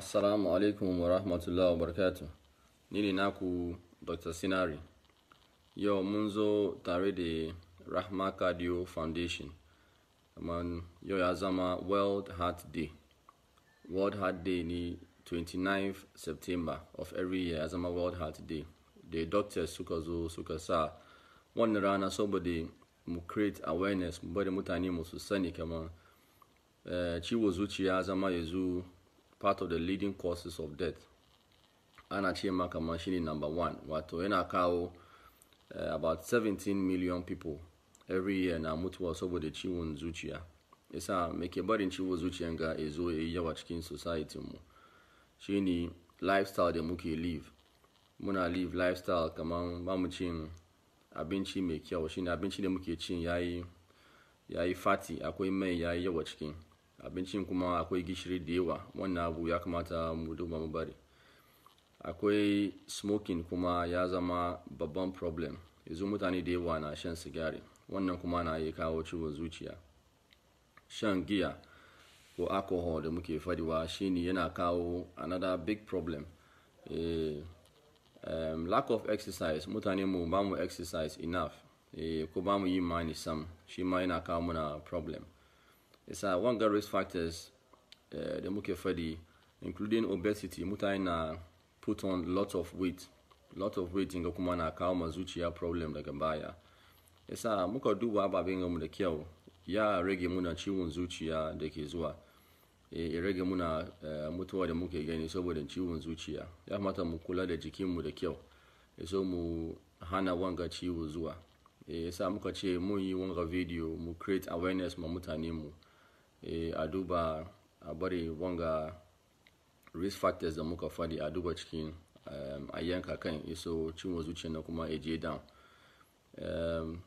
assalamu alaikum wa rahmatullahi wa barakatu ni ne naku dr sinari yau mun zo tare da rahma cardio foundation amma yau ya zama world heart day world heart day ne 29 september of every year ya zama world heart day da doctors suka zo suka sa wannan rana saboda mu create awareness mu bari mutane mu sani kamar eh, ciwo zuciya zama yanzu part of the leading causes of death ana ce kama shi shine number one wato yana kawo eh, about 17 million people every year na mutuwa saboda ciwon zuciya yasa muke barin ciwon zuciyan ga ya zo ya yi yawa cikin society mu ne lifestyle da muke live muna live lifestyle kamar mamu cin abinci mai kyau ne abinci da muke cin yayi yayi fati akwai mai yayi yawa cikin abincin kuma akwai gishiri da yawa wannan abu ya kamata mu duba mu bari akwai smoking kuma ya zama babban problem yanzu mutane da yawa na shan sigari wannan kuma na iya kawo ciwon zuciya shan giya ko alcohol da muke fadiwa shine yana kawo another big problem um, lack of exercise mutane mu ba mu exercise enough eh, ko ba mu yi mani sam shi ma yana kawo muna problem isa wanga risk factors da uh, muke fadi including obesity mutane na put on lot of weight lot of weight ga kuma na kawo ma zuciya problem daga baya yasa muka duba ababen mu da kyau ya rage muna ciwon zuciya da ke zuwa ya e, e rage muna uh, mutuwa da muke gani saboda ciwon zuciya ya kamata mu kula da jikinmu da kyau ya e so mu hana wanga ciwo zuwa yasa muka ce mun yi wanga video mu create awareness ma mutane mu Eh, a duba a bari wanga risk factors da muka faɗi a duba cikin eh, a yanka kan iso cin zuciya na kuma a je down eh,